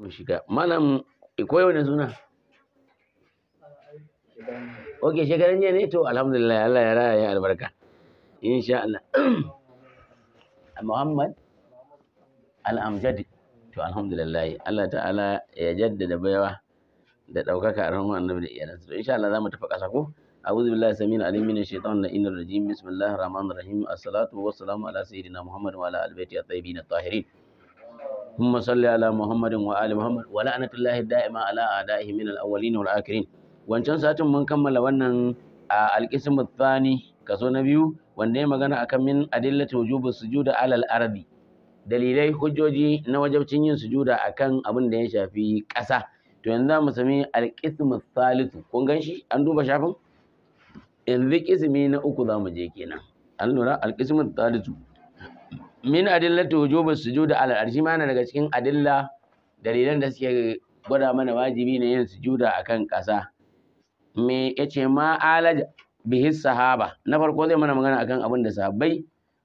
mun shiga malam eh, koyo ne suna ok shekaran jiya ne to alhamdulillah Allah ya raya ya albarka insha Allah Muhammad al-Amjad to alhamdulillah Allah ta'ala ya jaddada baiwa da daukaka a rahman annabi da iyalansa to insha Allah zamu tafi kasa ko أعوذ بالله السميع العليم من الشيطان اللعين الرجيم بسم الله الرحمن الرحيم الصلاة والسلام على سيدنا محمد وعلى آل بيته الطيبين الطاهرين ثم صل على محمد وآل محمد ولعنة الله دائما على أعدائه من الأولين والآخرين wancan satin mun kammala wannan a alƙismu tsani kaso na biyu wanda ya magana akan min adillati wujubu sujuda alal ardi dalilai hujjoji na wajabcin yin sujuda kan abin da ya shafi ƙasa to yanzu za mu sami alƙismu salisu kun gan shi an duba shafin yanzu ƙismi na uku za mu je kenan an lura alƙismu salisu min adillatu wujubi sujudi ala arshi ma daga cikin adilla dalilan da suke gwada mana wajibi ne yin sujuda akan ƙasa me yace ma alaja bihi sahaba na farko zai mana magana akan abin da sahabbai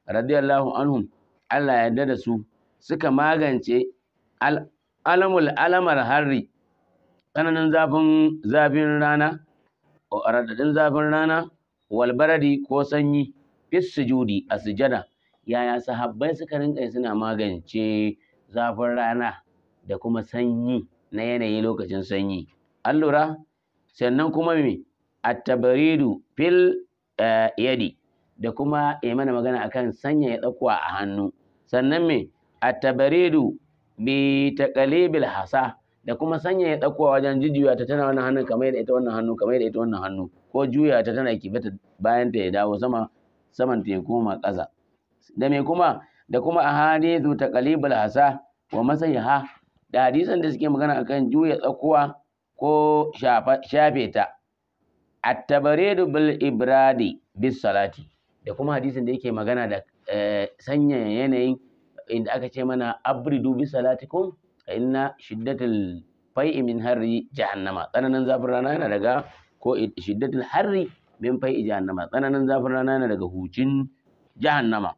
radiyallahu anhum Allah ya yarda da su suka magance alamul alamar harri tsananin zafin zafin rana zafin rana walbaradi ko sanyi fis sujudi a sujada yaya sahabbai suka rinƙa suna magance zafin rana da kuma sanyi na yanayi lokacin sanyi an lura sannan kuma me at-tabridu fil eh, yadi da kuma ya mana magana akan sanya ya tsakuwa a hannu sannan me at-tabridu bi taqalibil hasa da kuma sanya ya tsakuwa wajen jijiya ta tana wannan hannun kamar da ita wannan hannu kamar da ita wannan hannu ko juya ta tana kibata bayan ta ya dawo sama saman ta ya koma kaza da me kuma da kuma ta kalibul hasa wa Ha? da hadisan da suke magana akan juya tsakuwa ko shafe ta at-tabaridu bil ibradi bis salati da kuma hadisin da yake magana da eh, sanya yanayin inda aka ce mana abridu bis salatikum inna shiddatul fai'i min harri jahannama tsananin zafin rana yana daga ko shiddatul harri min fai'i jahannama tsananin zafin rana yana daga hucin jahannama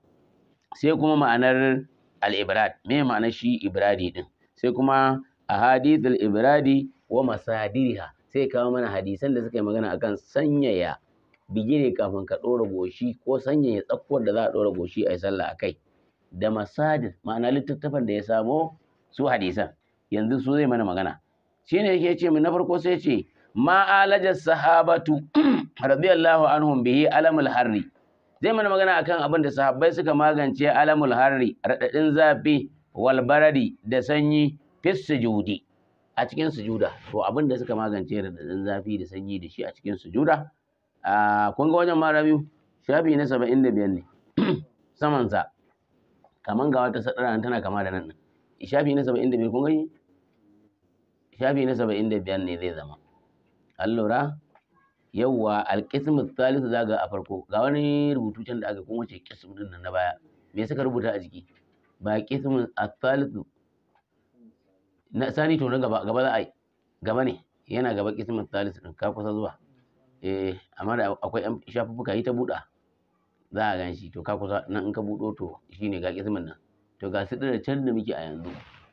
sai kuma ma'anar al-ibrad me ma'anar shi ibradi din sai kuma ahadithul ibradi wa masadiriha sai kawo mana hadisan da suka yi magana akan sanyaya bigire kafin ka ɗora goshi ko sanyaya tsakuwar da za a ɗora goshi a yi sallah a kai da masadir ma'ana littattafan da ya samo su hadisan yanzu su zai mana magana shine yake ce min na farko sai ce ma'alajar sahabatu radiyallahu anhum bihi alamul harri zai mana magana akan abin da sahabbai suka magance alamul harri Radadin zafi wal baradi da sanyi fi sujudi a cikin sujuda to abin da suka magance Radadin zafi da sanyi da shi a cikin sujuda a kun ga wajen marabi shafi na saba'in da biyar ne samansa kaman ga wata sadara tana kama da nan din shafi na saba'in da biyar kun gani shafi na saba'in da biyar ne zai zama allura yawwa alƙismu salisu za ga a farko ga wani rubutu can da aka kuma ce ƙismu din nan na baya me suka rubuta a jiki ba ƙismu salisu na sani to na gaba gaba za a yi gaba ne yana gaba ƙismu salisu din ka kusa zuwa eh amma da akwai ƴan shafuffuka yi ta buɗa za a gan shi to ka kusa nan in ka buɗo to shine ga ƙismin nan to ga su da can da muke a yanzu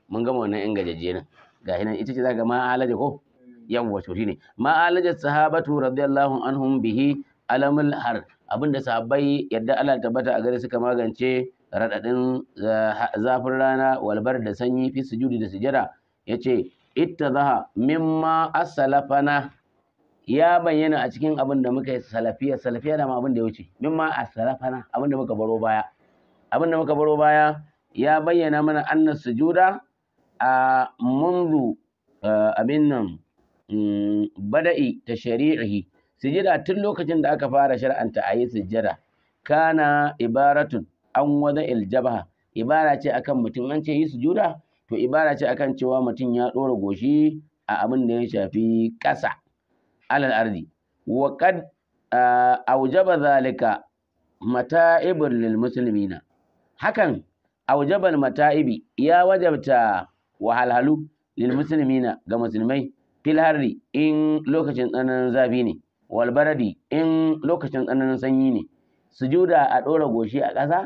mun gama wannan ƴan gajajje nan ga nan ita ce za ga ma alaje ko yawwa to shine ma alajat sahabatu radiyallahu anhum bihi alamul har abinda sahabbai yadda Allah tabbata a gare suka magance radadin eh, zafin rana walbar da sanyi fi sujudi da sujada yace ittazaha mimma asalafana ya bayyana a cikin abin da muka yi salafiya salafiya da ma abin da ya wuce mimma asalafana abin da muka baro baya abin da muka baro baya ya bayyana mana annas sujuda a munzu eh, abin nan bada'i ta shari'ihi sujada tun lokacin da aka fara shar'anta a yi sujada kana ibaratun an wada iljabha ibara ce akan mutum an ce yi sujuda to ibara ce akan cewa mutum ya ɗora goshi a abin da ya shafi ƙasa alal ardi wa aujaba zalika mata'ibun lil musulmina hakan aujabal mata'ibi ya wajabta wahalhalu lil musulmina ga musulmai filhari in lokacin tsananin zafi ne walbaradi in lokacin tsananin sanyi ne sujuda a ɗora goshi a ƙasa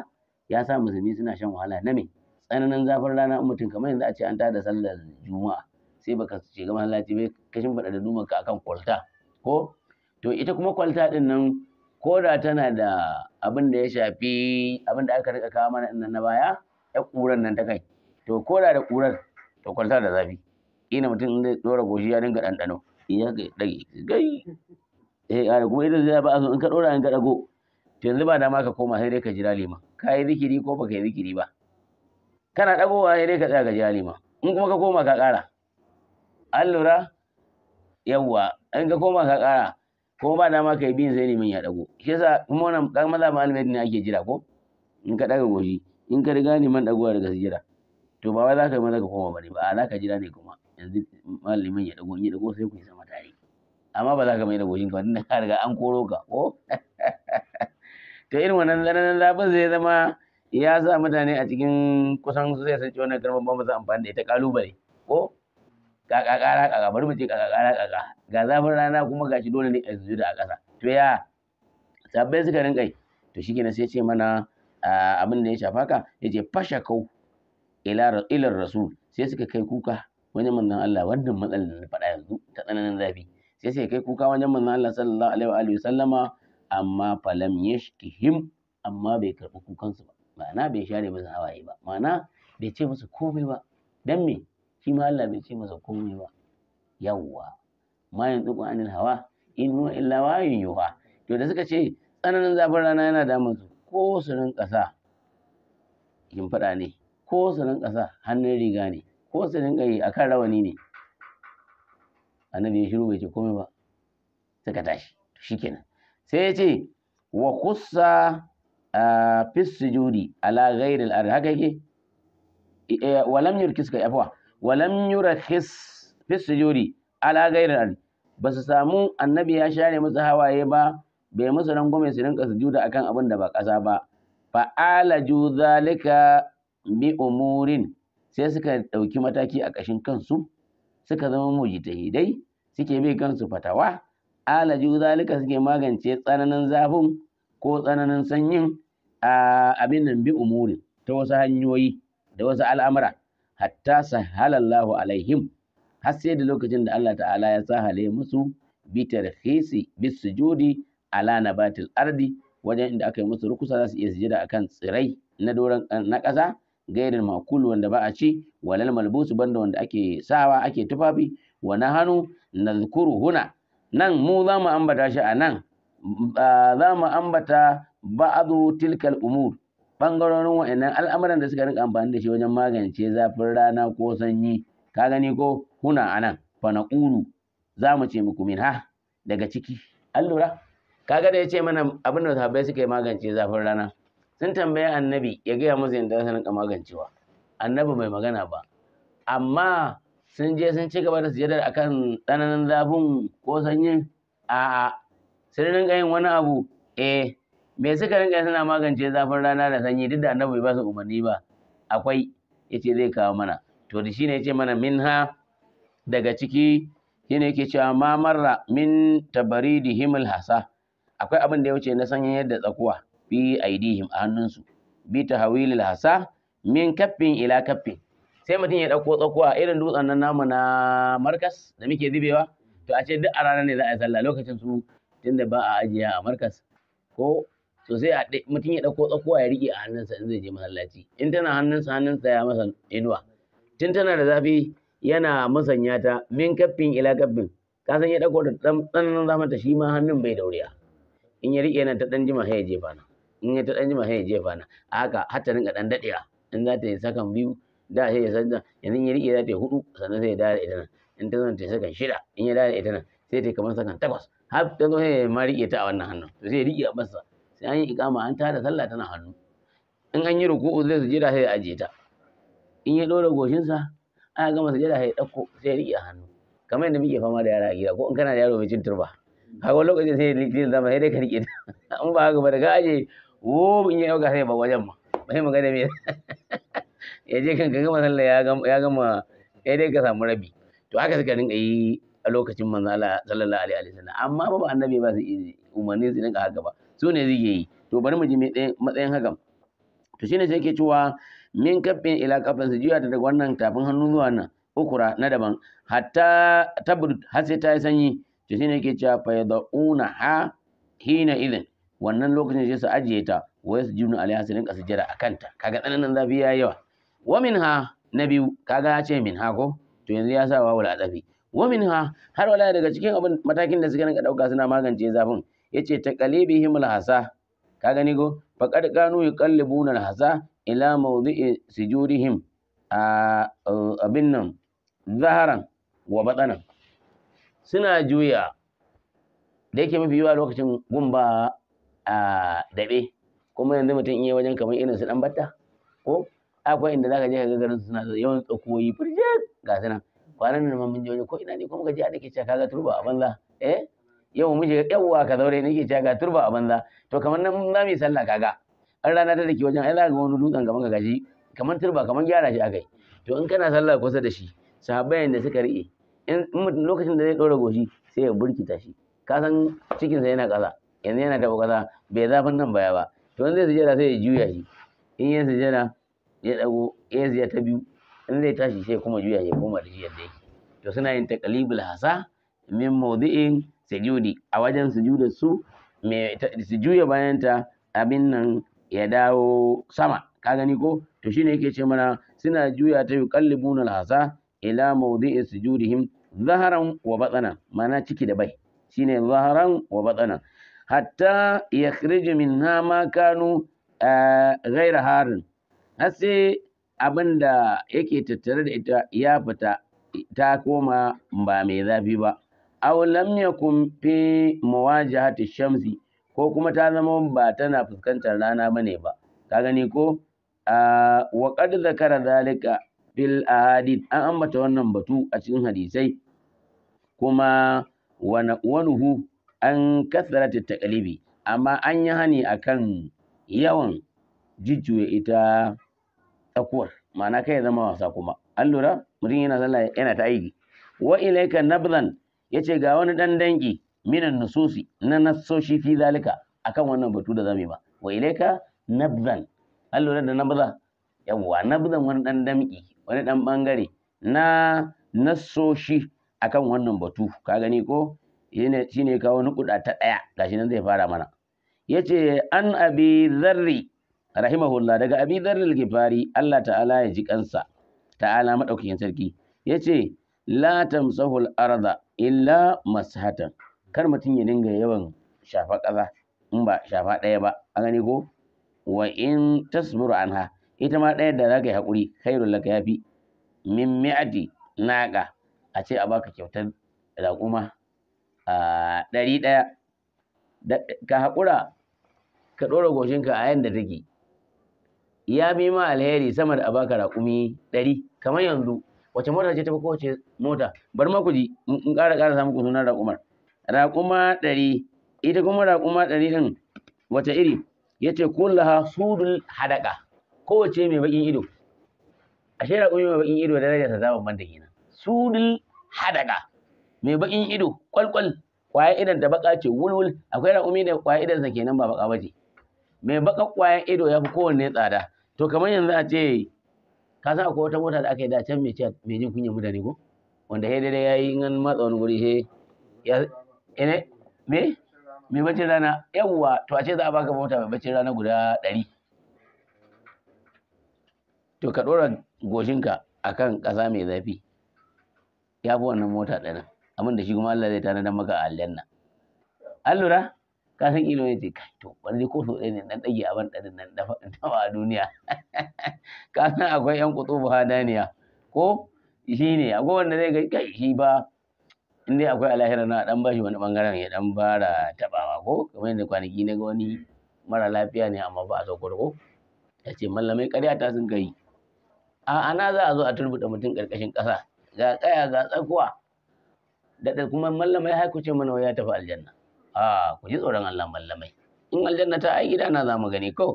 ya sa musulmi suna shan wahala na me tsananin zafin rana mutum kamar yanzu a ce an tada sallar juma'a sai baka gama masallaci bai kashin faɗa da dumanka akan kwalta ko to ita kuma kwalta ɗin nan ko da tana da abin da ya shafi abin da aka rika kawo mana nan na baya ya ƙuran nan ta kai to ko da da ƙurar to kwalta da zafi ina mutum zai dora goshi ya dinga ɗanɗano ya ga ɗage gai eh ana kuma idan zai ba a in ka dora in ka ɗago to yanzu ba dama ka koma sai dai ka jira lima. ka yi zikiri ko baka yi zikiri ba kana ɗagowa sai dai ka tsaya ka jira lima in kuma ka koma ka ƙara an lura yawwa in ka koma ka ƙara ko ba dama ka yi bin sai limin ya ɗago shi yasa kuma wannan kan maza ma alimai ne ake jira ko in ka ɗaga goshi in ka riga liman ɗagowa daga jira. to ba wai za ka yi maza ka koma ba ne ba a za ka jira ne kuma yanzu malamin ya dago in ya dago sai ku yi sama tare amma ba za ka mai da goshin ka tunda ka riga an koro ka ko to irin wannan zanen zafin zai zama ya sa mutane a cikin kusan su zai san cewa wannan kalmar ba za amfani da ita kalubale ko kaka kara kaka bari mu ce kaka kara kaka ga zafin rana kuma gashi dole ne a da a ƙasa to ya sabbai suka rinka yi to shikenan sai ce mana abin da ya shafa ka yace fasha kau ila rasul sai suka kai kuka wajen manzon Allah wannan matsalar da faɗa yanzu ta tsananin zafi sai sai kai kuka wajen manzon Allah sallallahu alaihi wa alihi sallama amma falam yashkihim amma bai karɓi kukansu ba ma'ana bai share musu hawaye ba ma'ana bai ce musu komai ba dan me shi ma Allah bai ce masa komai ba yawwa ma yanzu anil hawa in huwa illa wa yuha to da suka ce tsananin zafin rana yana da su ko su rinka sa kin faɗa ne ko su rinka sa hannun riga ne ko su dinga yi akan rawani ne annabi ya shiru bai ce komai ba suka tashi shikenan sai ya ce wa kusa fi sujudi ala ghairi al-ard haka yake eh, eh, wa lam yurkis ka afwa wa lam yurkis fi sujudi ala ghairi al-ard ba su samu annabi ya share musu hawaye ba bai musu rangwame su rinka sujuda akan abin da ba ƙasa ba fa'alaju zalika bi umurin sai suka ɗauki mataki a ƙashin kansu suka zama mujtahidai suke bi kansu fatawa alaju zalika suke magance tsananin zafin ko tsananin sanyin a abin nan bi umuri ta wasu hanyoyi da wasu al'amura hatta sahalallahu alaihim har sai da lokacin da Allah ta'ala ya sahale musu bi tarhisi bis sujudi ala nabatil ardi wajen inda aka yi musu rukusa za su iya sujada akan tsirai na doron na ƙasa gairin makul wanda ba a ci walal malbusu banda wanda ake sawa ake tufafi wa hannu nadhkuru huna nan mu za mu ambata shi a nan za mu ambata ba'adu tilkal umur wa wa'annan al'amuran da suka rinka amfani da shi wajen magance zafin rana ko sanyi ka gani ko huna anan fa naqulu za mu ce muku min ha daga ciki an lura kaga da ya ce mana abin da sahabbai suka yi magance zafin rana sun tambaya annabi ya gaya musu yadda za su rinka magancewa annabi bai magana ba amma sun je sun ci gaba da sujadar akan tsananin zafin ko sanyin a'a sun rinka yin wani abu eh me suka rinka suna magance zafin rana da sanyi duk da annabi ba su umarni ba akwai yace zai kawo mana to da shine yace mana minha daga ciki shine yake cewa ma marra min tabaridihim hasa akwai abin da ya wuce na sanyin yadda tsakuwa bi aidihim a hannunsu bi tahawilil hasa min kaffin ila kaffin sai mutum ya ɗauko tsakuwa irin dutsen nan namu na markas da muke zubewa to a ce duk a ranar ne za a yi sallah lokacin su tunda ba a ajiya a markas ko to sai a mutum ya ɗauko tsakuwa ya riƙe a hannunsa in zai je masallaci in tana hannunsa hannunsa ya masa inuwa tun tana da zafi yana musanya ta min kaffin ila kaffin ka san ya ɗauko da tsananin zamanta shi ma hannun bai dauriya in ya riƙe nan ta ɗan jima sai ya je bana. in ya ta ɗan jima sai ya jefa na haka har ta rinka ɗan daɗewa in za ta yi sakan biyu da sai ya sanda yanzu ya riƙe za ta yi hudu sannan sai ya dare ita nan in ta zo ta yi sakan shida in ya dare ita nan sai ta yi kamar sakan takwas har ta zo sai ya ma riƙe ta a wannan hannun to sai ya riƙe a masa sai an yi iƙama an tada sallah tana hannu in an yi ruku'u zai sujjada sai ya ajiye ta in ya ɗora goshinsa aka gama sujjada sai ya ɗauko sai ya riƙe a hannu kamar yadda muke fama da yara a gida ko in kana da yaro mai cin turba kaga lokacin sai ya riƙe zama sai dai ka riƙe ta in ba haka ba daga aje wo oh, in ya ɗauka sai ba wajen ma bai magana me ya je kan kaga masalla ya gama ya gama ya dai ka samu rabi to haka suka rinka yi a lokacin manzo Allah sallallahu alaihi wasallam amma ba annabi ba su umarni su rinka haka ba su ne zai yi to bari mu ji matsayin hakan to shine sai ke cewa min kafin ila kafin su juya ta daga wannan tafin hannu zuwa nan ukura na daban hatta tabrud har sai ta yi sanyi to shine yake cewa fa yad'una ha hina idan wannan lokacin sai su ajiye ta wa yasjudu alaiha su rinka sujjada akan ta kaga tsananin zafi yayi yawa wa minha na biyu kaga ya ce minha ko to yanzu ya sa wawul tsafi. wa minha har wala daga cikin abin matakin da suka rinka dauka suna magance zafin Ya yace taqalibihim alhasa ka gani ko faqad kanu yuqallibuna alhasa ila mawdi'i sujudihim a abin nan zaharan wa batanan suna juya da yake mafi yawa lokacin gumba daɓe kuma yanzu mutum in yi wajen kamar irin su ɗan batta ko akwai inda zaka je ka ga garin suna yawan tsakoyi firjit ga su nan kwanan nan mun je wajen ko ina ne kuma gaji a nake cewa kaga turba a banza eh yau mu je yawwa ka zaure nake cewa ga turba a banza to kamar nan za mu yi sallah kaga an rana ta dake wajen ai za ka ga wani dutsen gaban ka gaji kamar turba kamar gyara shi akai to in kana sallah kusa da shi sahabbai da suka riƙe in lokacin da zai ɗora goshi sai ya burkita shi ka san cikinsa yana ƙasa yanzu yana taɓa ƙasa bai zafin nan baya ba to in zai sujada sai ya juya shi in ya sujada ya ɗago ya ta biyu in zai tashi sai kuma juya ya koma da shi yadda yake to suna yin taqlibul hasa min mawdi'in sujudi a wajen sujudar su su juya bayan ta abin nan ya dawo sama ka gani ko to shine yake ce mana suna juya ta yuqallibuna al-hasa ila mawdi'i sujudihim zaharan wa batana mana ciki da bai shine zaharan wa batana hatta ya kirji min ma kanu gaira harin har sai abin da yake tattare da ita ya fita ta koma ba mai zafi ba aw lam yakun fi muwajahati shamsi ko kuma ta zama ba tana fuskantar rana bane ba ka gani ko wa qad zakara zalika bil ahadith an ambata wannan batu a cikin hadisai kuma wa nuhu an kasarata taƙalibi amma an yi hani a kan yawan jujjuya ita tsakuwar ma'ana kai zama wasa kuma an lura mutum yana sallah yana ta aiki wa ilaika nabzan yace ga wani dan dangi minan nususi na nasoshi fi zalika akan wannan batu da zamu yi ba wa ilaika nabzan an lura da nabza yawwa nabzan wani dan damki wani dan bangare na nasoshi akan wannan batu ka gani ko shi ne kawo nukuda ta ɗaya gashi nan zai fara mana ya ce an abi zarri rahimahullah daga abi zarri al-gifari Allah ta'ala ya ji kansa ta'ala madaukakin sarki ya ce la tamsahul arda illa mashatan kar mutum ya dinga yawan shafa ƙasa in ba shafa ɗaya ba an gani ko wa in tasbiru anha ita ma ɗaya da za ka yi haƙuri khairul laka yafi min mi'ati naqa a ce a baka kyautar raƙuma ɗari ɗaya ka haƙura ka ɗora goshinka a yanda take ya bi ma alheri sama da abaka raƙumi ɗari kamar yanzu wace mota ce tafi kowace mota bari ma ku ji in ƙara ƙara samu ku sunan raƙumar raƙuma ɗari ita kuma raƙuma ɗari ɗin wace iri ya ce kullaha sudul hadaka kowace mai baƙin ido ashe raƙumi mai baƙin ido darajarsa ta bambanta kenan sudul hadaka mai bakin ido kwalkwal ƙwayan idan da baka ce wulwul akwai raƙumi da kwaya idan sa kenan ba baka bace mai baka ƙwayan ido ya fi kowanne tsada to kamar yanzu a ce ka san akwai wata mota da aka yi da can mai mai jin kunyar mutane ko wanda sai dai yayi in an matsa wani guri sai ya ne me mai bacin rana yawwa to a ce za a baka mota mai bacin rana guda ɗari to ka ɗora goshinka akan ƙasa mai zafi ya fi wannan mota ɗarin abin da shi kuma Allah zai tanadar maka a aljanna an lura ka san ilo ne kai to wani ko so ɗaya ne dan dage a ban ɗarin nan a duniya ka san akwai yan kutubu hadaniya ko shi ne akwai wanda zai ga kai shi ba inda akwai alahira na dan bashi wani bangaren ya dan fara tabawa ko kamar yadda kwanaki na ga wani mara lafiya ne amma ba a saukar ko ya ce mallamai ƙarya ta sun kai a ana za a zo a turbuta mutum ƙarƙashin ƙasa ga ƙaya ga tsakuwa da kuma mallamai har ku ce mana ya tafi aljanna a ku ji tsoron Allah mallamai in aljanna ta ai gida na zamu gani ko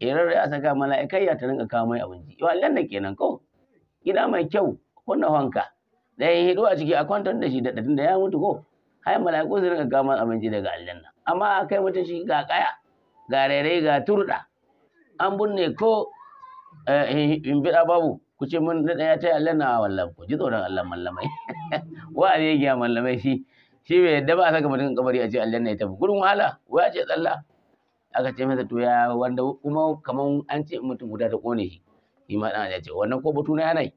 kerar ya saka mala'ikai ya ta rinka kawo mai abinci yau aljanna kenan ko gida mai kyau kunna wanka da ya hidu a ciki a kwantar da shi da da ya mutu ko hai mala'iku su rinka kawo abinci daga aljanna amma kai mutum shi ga kaya ga rairai ga turda an binne ko in bida babu ku ce mun da ya ta Allah na wallan ku ji tsoron Allah mallamai wa a ya mallamai shi shi bai yadda ba a saka mutum kabari a ce Allah na ya tafi gurin wahala wa ce tsalla aka ce masa to ya wanda kuma kaman an ce mutum guda ta kone shi shi ma dan ya ce wannan ko batu na yanayi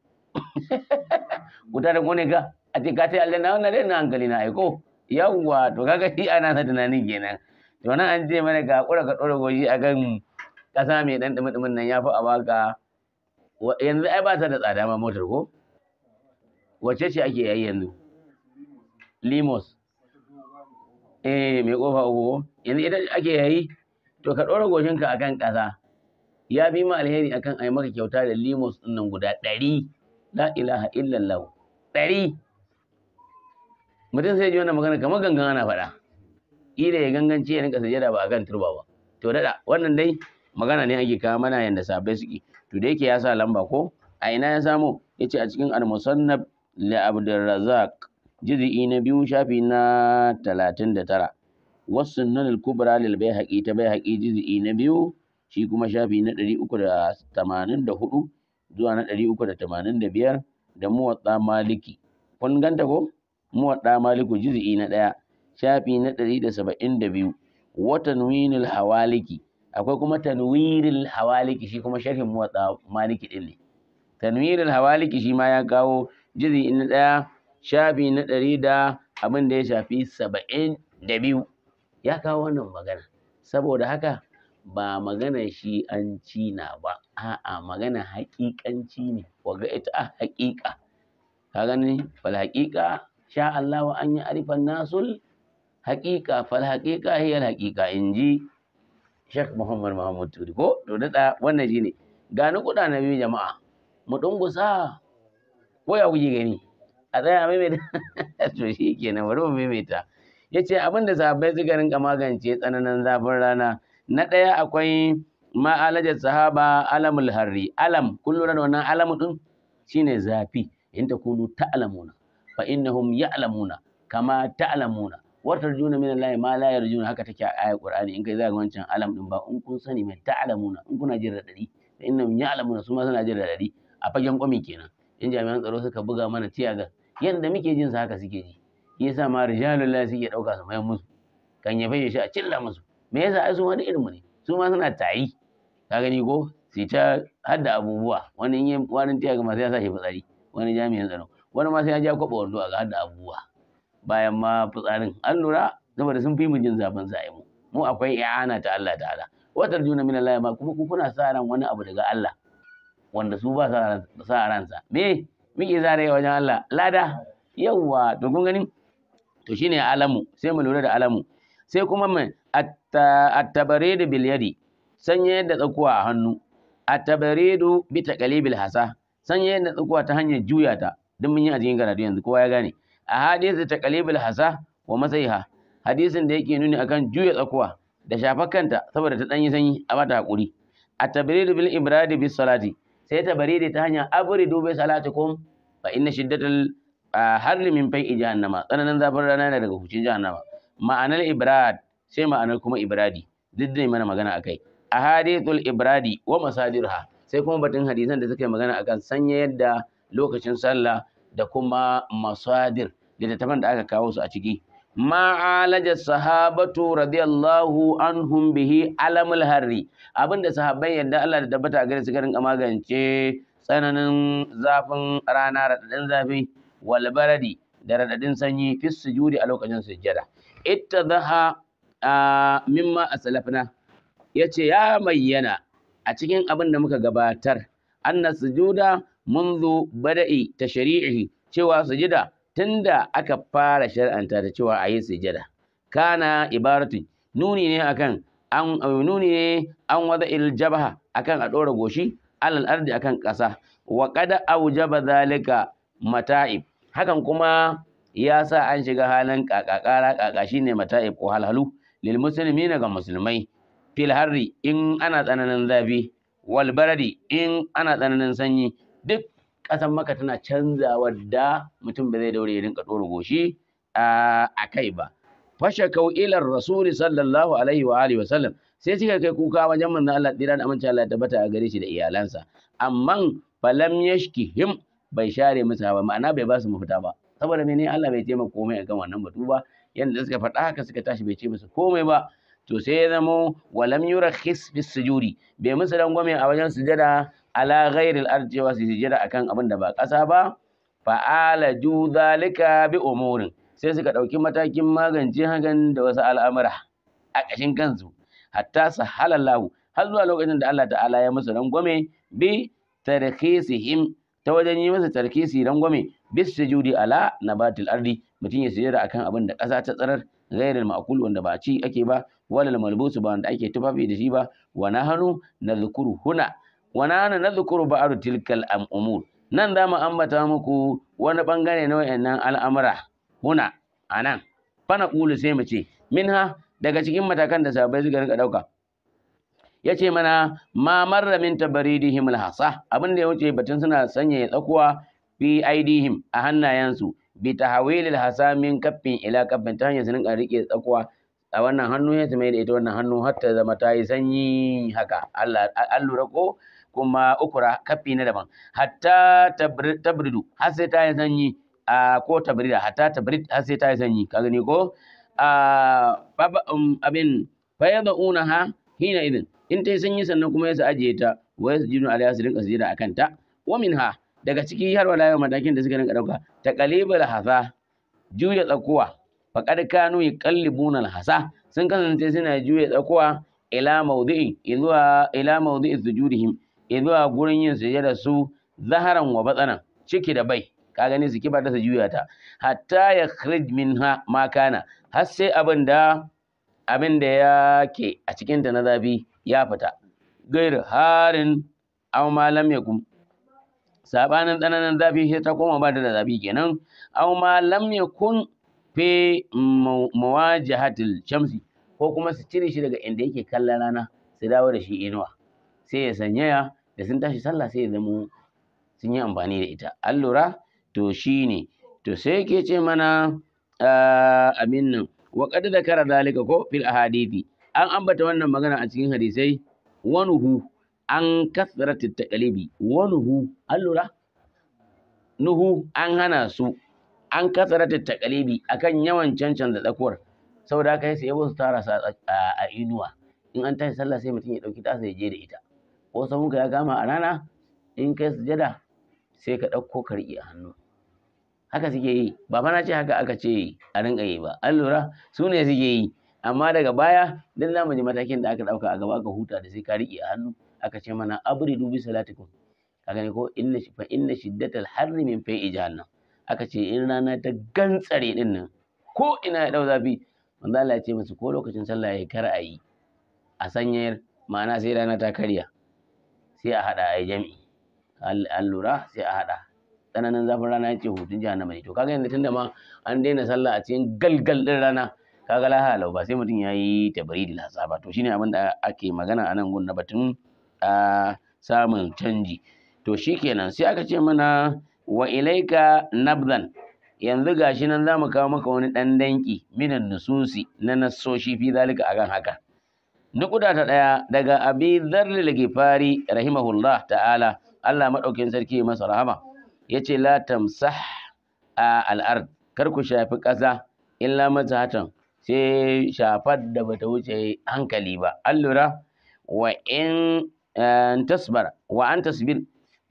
guda ta kone ka a ce ka ta Allah na wannan na hankali na aiko yawwa to kaga shi ana sa tunanin kenan to nan an ce mana ga kura ka dora goji a kan kasa mai dan dumudumin nan ya fi a baka yanzu ai ba ta da tsada ma motar ko wacce ce ake yayi yanzu limos eh mai kofa uku yanzu ita ake yayi to ka ɗora goshinka akan ƙasa ya bi ma alheri akan ai maka kyauta da limos nan guda ɗari la ilaha illallah ɗari mutum sai ji wannan magana kamar gangan ana faɗa ƙila ya gangance ya rinka sajada ba akan turba ba to daɗa wannan dai magana ne ake kawo mana yanda sabai suke to da yake ya sa lamba ko a ina ya samu ce a cikin almusannab musannaf li abdurrazzaq jizi'i na biyu shafi na 39 wasu sunan al-kubra lil haƙi ta haƙi jizi'i na biyu shi kuma shafi na 384 zuwa na 385 da muwatta maliki kun ganta ko muwatta maliku jizi'i na 1 shafi na 172 watan winil hawaliki akwai kuma tanwirul hawaliki shi kuma sharhin muwatta maliki din ne tanwiril hawaliki shi ma ya kawo jizi na ɗaya shafi na ɗari da abin da ya shafi saba'in da biyu ya kawo wannan magana saboda haka ba magana shi an cina ba a'a magana haƙiƙanci ne waga ita a haƙiƙa ka gani fal haƙiƙa sha Allah wa an yi arifan nasul haƙiƙa fal haƙiƙa hiyar haƙiƙa inji Sheikh Muhammad Muhammad Turi ko to da wannan shine ga ni na biyu jama'a mu dungusa ko ya kuke gani a tsaya maimaita to shi kenan bari mu maimaita yace abin da sahabbai suka rinka magance tsananin zafin rana na ɗaya akwai ma'alajar sahaba alamul harri alam kullu da wannan alam din shine zafi in kunu ta'lamuna fa innahum ya'lamuna kama ta'lamuna wartar juna min Allah ma layar juna haka take a ayar Qur'ani in kai za ga wancan alam din ba in kun sani mai ta'lamuna in kuna jin radadi fa innahum ya'lamuna su ma suna jin ɗari. a fagen kwamin kenan in jami'an tsaro suka buga mana tiyaga yadda muke jin su haka suke ji yasa ma rijalul la suke dauka su mayan musu kan ya shi a cilla musu me yasa ai su wani ilimi ne su ma suna tayi ka gani ko sai ta hadda abubuwa wani yin wani tiyaga ma shi fitsari wani jami'an tsaro wani ma sai ya ja kwaba wando a ga hadda abubuwa bayan ma fitsarin an lura saboda sun fi mu jin zafin sa'i mu mu akwai i'ana ta Allah ta'ala wa tarjuna min Allah ma kuma kuna sa ran wani abu daga Allah wanda su ba sa sa me miki zare wajen Allah lada yawa to kun gani to shine alamu sai mu lura da alamu sai kuma mu at tabaridu bil yadi sanye yadda tsakuwa a hannu at tabaridu bi taqalibil hasa sanye yadda tsakuwa ta hanyar juya ta duk mun yi a cikin karatu yanzu kowa ya gane ta taqlibil hasa wa masaiha hadisin da yake nuni akan juya tsakuwa da shafar kanta saboda ta danyi sanyi a mata hakuri at-tabridu bil ibradi bis salati sai tabridi ta hanyar abridu bi salatikum fa inna shiddatal harri min fai'i jahannama tsananin zafin rana yana daga hucin jahannama ma'anar ibrad sai ma'anar kuma ibradi duk mana magana akai ahadithul ibradi wa masadirha sai kuma batun hadisan da suka yi magana akan sanya yadda lokacin sallah da kuma masadir littattafan da aka kawo su a ciki ma'alajar sahabatu radiyallahu anhum bihi alamul harri abinda sahabbai yadda Allah da tabbata gare su garin magance tsananin zafin rana radadin zafi wal baradi da radadin sanyi fi sujudi a lokacin sujjada ittadha mimma asalafna yace ya mayyana a cikin abin da muka gabatar anna sujuda Mun zo Bada'i ta تشريعه cewa sujada tunda aka fara shar'anta da cewa ayi sujada kana ibaratu nuni ne akan an nuni ne akan a dora goshi alal ardi akan ƙasa Waƙada qad awjaba mata'ib hakan kuma ya sa an shiga halin ƙaƙaƙara ƙaƙashi ne mata'ib ko halhalu lil muslimina ga musulmai Filharri in ana tsananin zafi Walbaradi in ana tsananin sanyi duk ƙasar maka tana canzawa da mutum ba zai daure ya rinka ɗora goshi a kai ba fashe ilar rasuli sallallahu alaihi wa alihi sallam sai suka kai kuka wajen manzon Allah tsira da amince Allah tabbata a gare shi da iyalansa Amman falam yashkihim bai share musu ba ma'ana bai ba su mafita ba saboda mene Allah bai taimaka komai kan wannan batu ba yanda suka faɗa haka suka tashi bai ce musu komai ba to sai ya zamo walam yura khis fi bai musu rangwame a wajen sujada ala ghairil ardi wa sujada akan abin da ba ƙasa ba fa'ala ju zalika bi umurin sai suka ɗauki matakin magance hakan da wasu al'amura a ƙashin kansu hatta sahalallahu har zuwa lokacin da Allah ta'ala ya musu rangwame bi tarkhisihim ta wajen yi masa tarkisi rangwame bis sujudi ala nabatil ardi mutum ya sujada akan abin da ƙasa ta tsarar ghairil ma'kul wanda ba ci ake ba wala malbusu ba wanda ake tufafi da shi ba wa nahanu nadhkuru huna wa nahnu nadhkuru ba'd tilkal umur nan zamu mu ambata muku wani bangare na wayannan al'amura huna anan fana qulu sai mu ce minha daga cikin matakan da sahabbai suka rika dauka yace mana ma marra min tabridihim alhasa abin da ya wuce batun suna sanya tsakuwa fi aidihim a hannayensu bi tahawilil hasa min kaffin ila kaffin ta hanyar su rike tsakuwa a wannan hannu ya mai da ita wannan hannu har ta zama ta yi sanyi haka Allah an lura ko kuma ukura kafi na daban hatta tabridu har sai ta yi sanyi ko tabrida hatta tabrid har sai ta yi sanyi ka gani ko um, abin fayyada una ha hina idin in ta yi sanyi sannan kuma ya su ajiye ta wa ya su jinu alaiya su rinka sujada a kanta wa min ha daga ciki har wala yau matakin da suka rinka ɗauka ta kalibal hasa juya tsakuwa faƙar kanu ya kallibun hasa sun kasance suna juya tsakuwa ila maudu'in zuwa ila maudu'in sujudihim zuwa gurin yin da su zaharan wa batsanan ciki da bai ka gani su kiba ta su juya ta hatta ya khrij minha ma kana har sai abin da abin yake a cikin ta na zafi ya fita gair harin aw ma lam yakum sabanin tsananin zafi sai ta koma ba da zafi kenan aw ma lam yakun fi mawajihatil shamsi ko kuma su cire shi daga inda yake kallon rana su dawo da shi inuwa sai ya sanyaya da sun tashi sallah sai ya zamo sun yi amfani da ita an lura to ne, to sai yake ce mana ah, abin nan wa da zakara zalika ko fil ahadithi an ambata wannan magana a cikin hadisai hu an tattakalibi. taqlibi wanuhu an lura nuhu an hana su an kasarata tattakalibi. akan yawan cancanza tsakuwar saboda haka sai yabo su tara su a inuwa in an tashi sallah sai mutum ya dauki tasa ya je da ita ko ka ya kama a rana in kai sujada sai ka ɗauko ka riƙe a hannu haka suke yi ba bana ce haka aka ce a rinƙa yi ba an lura su ne suke yi amma daga baya duk za mu ji matakin da aka ɗauka a gaba aka huta da sai ka riƙe a hannu aka ce mana abridu bi salatikum kaga ne ko inna fa inna shiddatal harri min fai'i jahannam aka ce in rana ta gantsare din nan ko ina ya dau zafi manzo Allah ya ce musu ko lokacin sallah ya kar a yi a sanyayar ma'ana sai rana ta karya sai a haɗa a yi jam'i an lura sai a haɗa tsananin zafin rana ya ce hutun jahannama ne to kaga yanzu tunda ma an daina sallah a cikin galgal ɗin rana kaga laha lau ba sai mutum ya yi tabaridi lasa ba to shine abin da ake magana a nan gun batun a samun canji to shikenan sai aka ce mana wa ilaika nabdan yanzu gashi nan zamu kawo maka wani dan danki minan nususi na nasoshi fi zalika kan haka Nukuda ta ɗaya daga Abi ke fari, rahimahullah ta'ala Allah maɗaukin sarki masa rahama ce la tamsah a al'ar kar ku shafi ƙasa in illa hatan sai shafar da bata wuce hankali ba an lura wa in tasbar wa an tasbir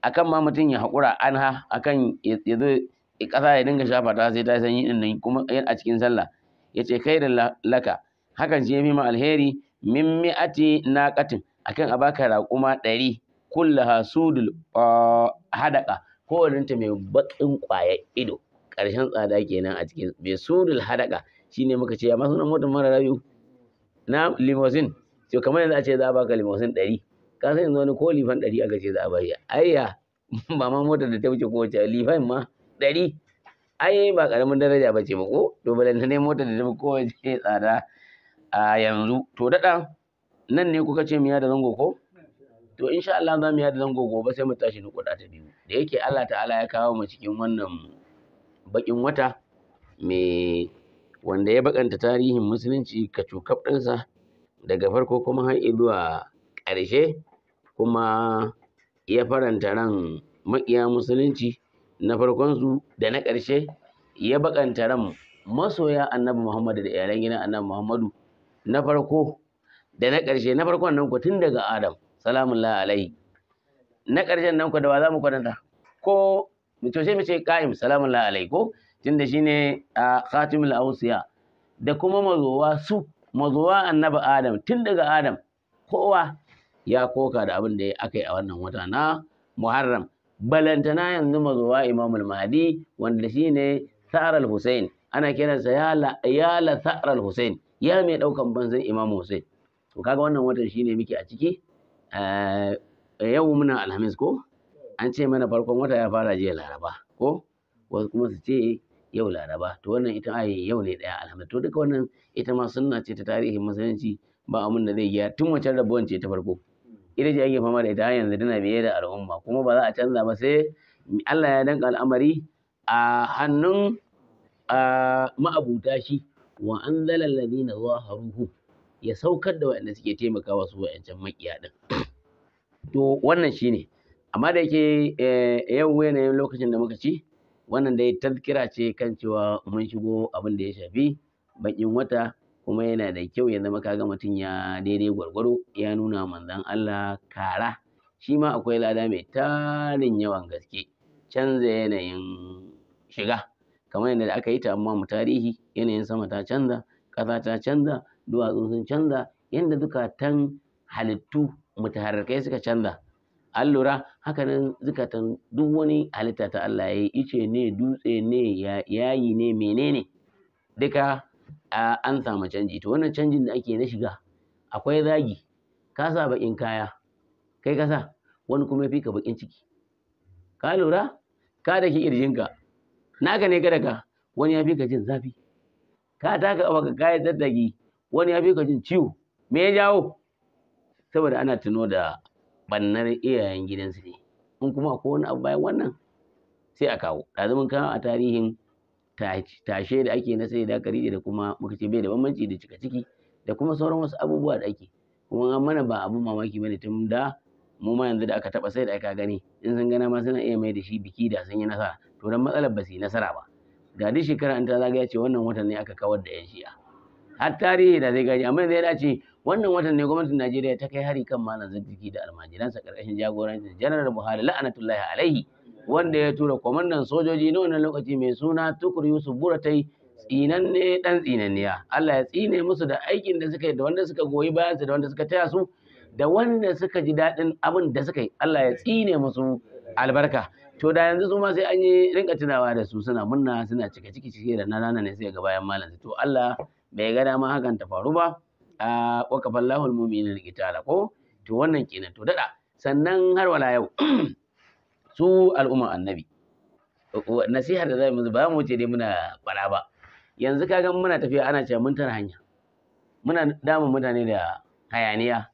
akan ma mutum ya haƙura an ha akan ya zo ƙasa ya dinga shafa ta sai ta sanyi ɗin nan kuma a cikin sallah ya yace kairin laka hakan shi fi ma alheri min mi'ati naqatin akan a baka raƙuma kulla kullaha sudul ah, hadaka ko ta mai bakin kwaya ido Karshen tsada kenan a cikin mai sudul hadaka shine muka ce amma sunan motar mara rayu na limousine to kamar yanzu a ce za a baka limousine ɗari ka san yanzu wani ko lifan ɗari aka ce za a bashi ayya ba ma motar da ta wuce ko wace lifan ma ɗari ai ba ƙaramin daraja ba ce ba ko to balanta ne motar da ta fi kowace tsada a yanzu to daɗa nan ne kuka ce mu yada zango ko to insha Allah za mu yada zango gobe sai mu tashi ni kuɗa ta biyu da yake Allah ta'ala ya kawo mu cikin wannan bakin wata Me wanda ya bakanta tarihin musulunci ka kacukaf ɗinsa daga farko kuma har zuwa ƙarshe kuma ya faranta ran maƙiya musulunci na farkonsu da na ƙarshe ya bakanta ran masoya annabi muhammadu da iyalan gidan annabi muhammadu na farko da na ƙarshe na farkon nan ku tun daga adam salamun alaihi na ƙarshen nan ku da ba za mu kwananta ko mu to sai mu ce qaim salamun alaihi ko tunda shine a khatimul awsiya da kuma mazowa su mazowa annabi adam tun daga adam kowa ya koka da abin da aka yi a wannan wata na muharram balantana yanzu mazowa imamul mahdi wanda shine sa'ar al-husain ana kiransa ya la ya la sa'ar al-husain ya mai ɗaukan banzan Imam Hussein to kaga wannan watan shine muke a ciki eh, yau muna alhamis ko an ce mana farkon wata ya fara jiya laraba ko wasu kuma su ce yau laraba to wannan ita ai yau ne daya alhamis to duka wannan ita ma sunna ce ta tarihin musulunci ba abin da zai giya tun wancan rabuwan ce ta farko ita ce ake fama da ita yanzu tana biye da al'umma kuma ba za a canza ba sai Allah ya danka al'amari a hannun ma'abuta shi wa anzala alladhina zaharuhum ya saukar da waɗanda suke taimakawa su wayancan makiya din to wannan shine amma da yake eh, yau yanayin lokacin da muka ci wannan dai tazkira ce kan cewa mun shigo abin da ya shafi bakin wata kuma yana da kyau ya zama kaga mutum ya daidai gwargwaro ya nuna manzon Allah kara shi ma akwai lada mai tarin yawan gaske canza yanayin shiga kamar yadda aka yi ta amma mu tarihi yanayin sama ta canza ƙasa ta canza duwatsu sun canza yadda zukatan halittu mutaharrikai suka canza an lura hakanan zukatan duk wani halitta ta Allah ya yi ice ne dutse ne yayi ne menene duka an samu canji to wannan canjin da ake na shiga akwai zagi ka sa baƙin kaya kai ka sa wani kuma ya fi ka bakin ciki ka lura ka da ki ƙirjinka naka ne ka daga wani ya fi ka jin zafi ka taka kafa ka kayan daddagi wani ya fi ka jin ciwo me ya jawo saboda ana tuno da bannar iyayen gidansu ne in kuma ko wani abu bayan wannan sai a kawo ɗazumin kawo a tarihin tashe da ake na sai da karije da kuma muka ce bai da bambanci da cika ciki da kuma sauran wasu abubuwa da ake kuma an mana ba abun mamaki bane tun da mu ma yanzu da aka taba sai da aka gani in sun gana ma suna iya mai da shi biki da sun yi nasara Turan matsalar ba su yi nasara ba ga duk shekara an ta zagaya ce wannan watan ne aka kawar da 'yan shi'a har tarihi da zai gaji amma zai dace wannan watan ne gwamnatin Najeriya ta kai hari kan malam zaddiki da almajiransa karkashin jagorancin janar Buhari la'anatullahi alaihi wanda ya tura kwamandan sojoji na wannan lokaci mai suna Tukur Yusuf Buratai tsinanne dan tsinanniya Allah ya tsine musu da aikin da suka yi da wanda suka goyi su da wanda suka taya su da wanda suka ji daɗin abin da suka yi Allah ya tsine musu albarka to da yanzu su sai an yi rinka tunawa da su suna murna suna cika ciki ciki da nana ne sai ga bayan malam to Allah bai ga dama hakan ta faru ba a waqafa Allahul mu'minin qitala ko to wannan kenan to dada sannan har wala yau su al'umma annabi nasihar da zai mu ba mu ce dai muna fara ba yanzu kaga muna tafiya ana cewa mun tana hanya muna damun mutane da hayaniya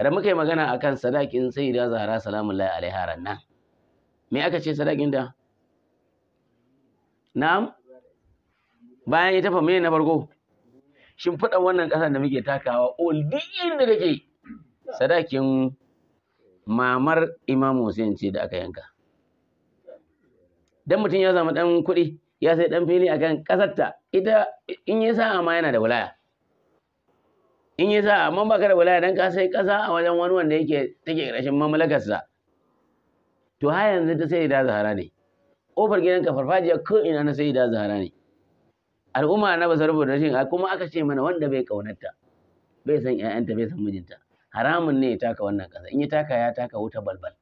da muka yi magana akan sadakin sayyida zahra salamullahi alaiha nan me aka ce sadakin da na'am bayan ita fa na farko shin faɗan wannan ƙasar da muke takawa all duk inda kake sadakin mamar Imam Hussein ce da aka yanka dan mutum ya zama dan kuɗi ya sai dan fili akan kasarta ita in ya amma yana da walaya in ya amma baka da wulaya, dan ka sai ƙasa a wajen wani wanda yake take mamlakar mamlakarsa to har yanzu ta sai da zahara ne ƙofar gidanka farfajiya ko ina na sai da zahara ne al'umma na basar da rashin kuma aka ce mana wanda bai kaunarta bai san ƴaƴanta bai san mijinta haramun ne ya taka wannan ƙasa in ya taka ya taka wuta balbal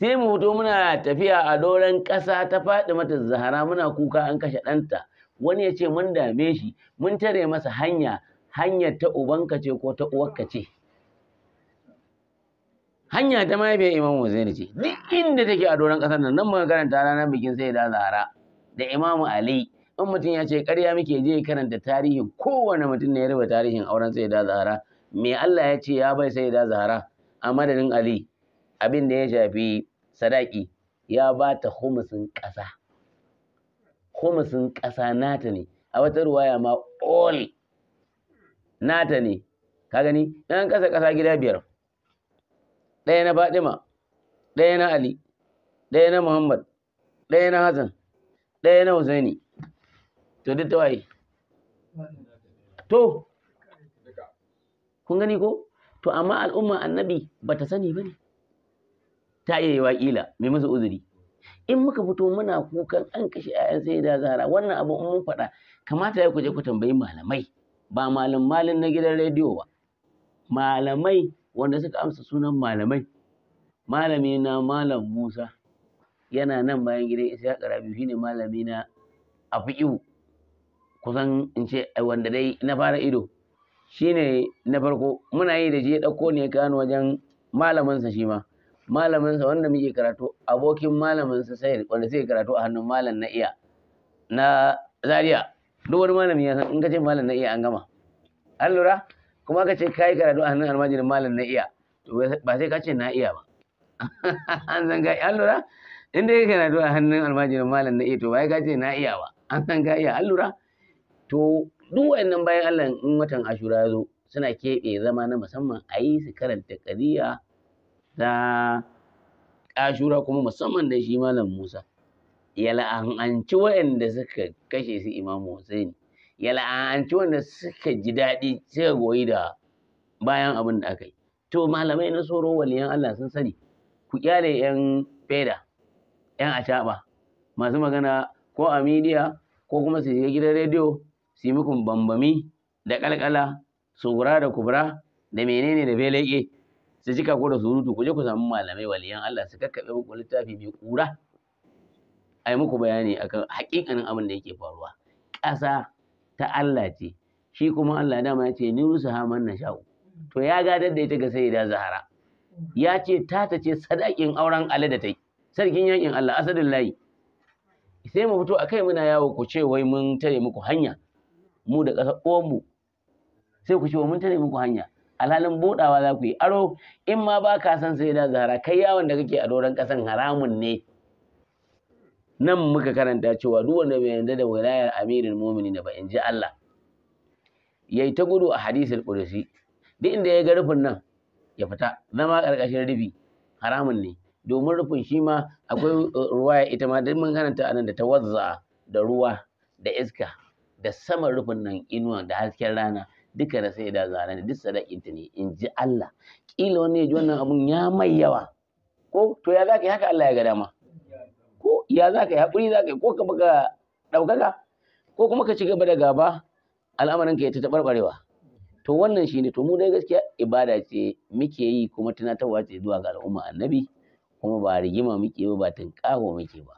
sai mu fito muna tafiya a doren ƙasa ta faɗi mata zahara muna kuka an kashe ɗanta wani ya ce mun dame shi mun tare masa hanya hanyar ta ubanka ce ko ta uwarka ce hanya ta mahaifiyar imam Hussein ce duk inda take a doron ƙasar nan nan muka karanta ranar bikin sai da Zahra da Imam Ali in mutum ya ce karya muke je karanta tarihin kowane mutum ne ya ruba tarihin auren sai da Zahra me Allah ya ce ya bai sai da Zahra a madadin Ali abin da ya shafi sadaki ya ba ta humusin ƙasa humusin ƙasa nata ne a wata ruwaya ma all nata ne ka gani ɗan ƙasa ƙasa gida biyar ɗaya na Fadima ɗaya na Ali ɗaya na Muhammad ɗaya na Hassan ɗaya na Hussaini, to duk tawaye to kun gani ko to amma al'umma annabi ba ta sani ba ne ta iya yiwa waƙila mai masa uzuri in muka fito muna kukan an kashe 'ya'yan sai da zara wannan abu in mun faɗa kamata ya kuje ku tambayi malamai ba malam malin na gidan rediyo ba malamai wanda suka amsa sunan malamai malami na malam Musa yana nan bayan gidan Ishaq Rabi shine malami na a fiƙiu kusan in ce wanda dai na fara ido shine na farko muna yi da shi ya ɗauko ne kano wajen malaminsa shi ma malaminsa wanda muke karatu abokin malaminsa sai wanda sai karatu a hannun malam na iya na zaria duk wani malami ya san in ka ce malam na iya an gama an lura kuma ka ce kayi karatu a hannun almajirin malam na iya to ba sai ka ce na iya ba an san ka an lura in dai karatu a hannun almajirin malam na iya to ba ka ce na iya ba an san ka iya an lura to duk wayannan bayan Allah in watan Ashura ya zo suna keɓe zama na musamman a yi su karanta ƙariya ta Ashura kuma musamman da shi malam Musa ya ci wayanda suka kashe su Imam Hussein ya la'anci wanda suka ji daɗi sai goyi da bayan abin da aka yi to malamai na tsoro waliyan Allah sun sani ku kyale yan feda yan acaba masu magana ko a midiya ko kuma su shiga gidan rediyo su yi muku bambami da kalkala tsora da kubra da menene da beleke su cika ko da surutu ku je ku samu malamai waliyan Allah su kakkaɓe muku littafi mai ƙura a yi muku bayani akan haƙiƙanin abin da yake faruwa ƙasa ta Allah ce shi kuma Allah dama ya ce ni haman na nasha'u to ya gadar da ita ga da Zahara ya ce ta ta ce sadakin auren Ali da ta tai sarkin yankin Allah layi. sai mu fito a kai muna yawo ku ce wai mun tare muku hanya mu da ƙasar sai ku ce mun tare muku hanya alhalin budawa za ku yi aro in ma ba ka san da Zahara kai yawon da kake a doron ƙasan haramun ne nan muka karanta cewa duk wanda bai yarda da wilayar amirin mumini ba in ji Allah yayi ta gudu a hadisul qudsi duk inda ya ga rufin nan ya fita zama karkashin rufi haramun ne domin rufin shi ma akwai eh, ruwaya ita ma duk mun karanta anan da tawazza da ruwa da iska da sama rufin nan inuwa da hasken rana duka da sai da zaran duk ta ne in Allah kila wani ya ji wannan abun ya mai yawa ko to ya zaka haka Allah ya ga dama ya za ka yi haƙuri za ka yi ko ka baka ɗaukaka ko kuma ka ci gaba da gaba al'amarin ka ya ta taɓarɓarewa to wannan shi ne to mu dai gaskiya ibada ce muke yi kuma tunatarwa ce zuwa ga al'umma annabi kuma ba rigima muke ba ba tinƙaho muke ba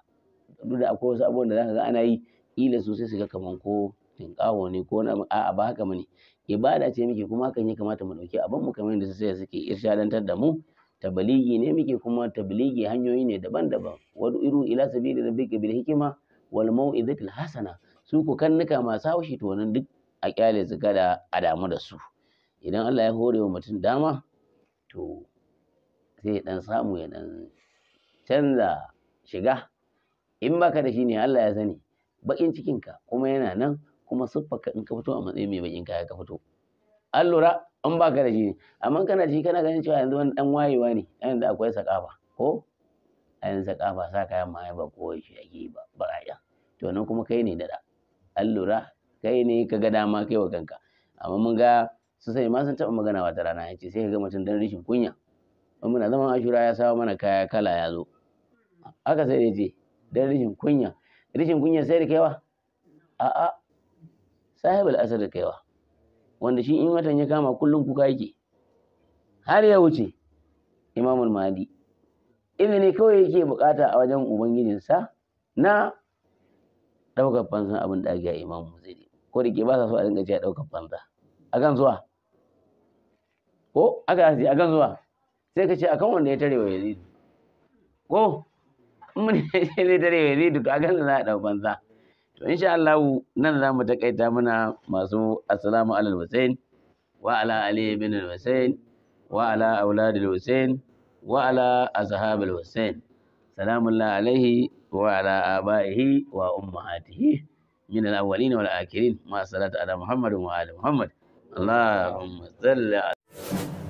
duk da akwai wasu abubuwan da zaka ga ana yi kila su sai su ga kaman ko tinƙaho ne ko na a'a ba haka bane ibada ce muke kuma hakan ya kamata mu ɗauki abin mu kamar yadda sai suke irshadantar da mu tabligi ne muke kuma tabligi hanyoyi ne daban-daban wadu iru ila sabili rabbika bil hikima wal mau'izatil hasana su ku kannuka masu haushi to nan duk a kyale su gada a damu da su idan Allah ya hore wa mutum dama to sai dan samu ya dan canza shiga in baka da shi ne Allah ya sani bakin ka kuma yana nan kuma ka in ka fito a matsayi mai bakin kaya ka fito an in ba ka da shi amma kana ciki kana ganin cewa yanzu wani dan wayewa ne a yanzu akwai sakafa ko a yanzu sakafa sa kayan ma ba kowai shi ake ba ba a to nan kuma kai ne da da an lura kai ne ka ga dama kai wa kanka amma mun ga su sai ma sun taɓa magana wata rana ya ce sai ka ga mutum dan rishin kunya in muna zaman ashura ya sawo mana kaya kala ya zo haka sai ya ce dan rishin kunya rishin kunya sai da kaiwa a'a sahibul asr da kaiwa wanda shi in watan ya kama kullum kuka yake har ya wuce imamul mahdi ne kawai yake bukata a wajen ubangijinsa na ɗaukar fansa abin da ake imam muzidi ko da ke ba sa so a dinga cewa ɗaukar fansa a kan zuwa ko aka asi a kan zuwa sai ka ce akan wanda ya tare wa yazidu ko in mun ce zai tare wa yazidu to a kan za a ɗau fansa in insha Allah nan zamu takaita muna masu assalamu alal husain wa ala ali ibn al husain wa ala aulad al husain wa ala azhab al husain salamun alaihi wa ala abaihi wa ummahatihi من الأولين والآخرين ما صلاة على محمد وعلى محمد اللهم صل على